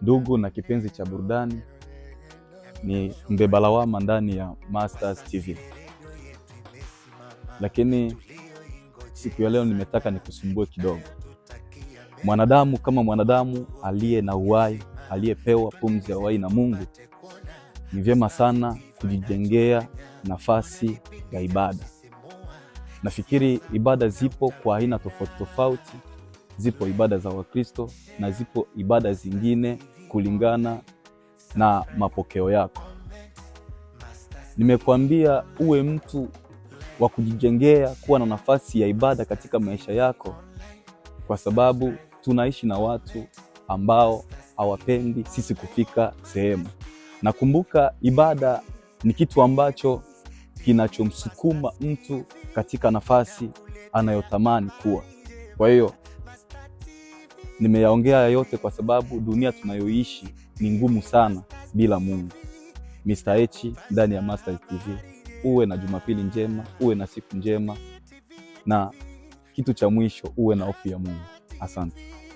Ndugu na kipenzi cha burudani, ni mbeba lawama ndani ya Mastaz TV, lakini siku ya leo nimetaka nikusumbue kidogo. Mwanadamu kama mwanadamu aliye na uhai, aliyepewa pumzi ya uhai na Mungu, ni vyema sana kujijengea nafasi ya ibada. Nafikiri ibada zipo kwa aina tofauti tofauti zipo ibada za Wakristo na zipo ibada zingine kulingana na mapokeo yako. Nimekuambia uwe mtu wa kujijengea kuwa na nafasi ya ibada katika maisha yako, kwa sababu tunaishi na watu ambao hawapendi sisi kufika sehemu. Na kumbuka, ibada ni kitu ambacho kinachomsukuma mtu katika nafasi anayotamani kuwa. Kwa hiyo Nimeyaongea yote kwa sababu dunia tunayoishi ni ngumu sana bila Mungu. Mr. H ndani ya Mastaz TV, uwe na Jumapili njema, uwe na siku njema, na kitu cha mwisho uwe na hofu ya Mungu. Asante.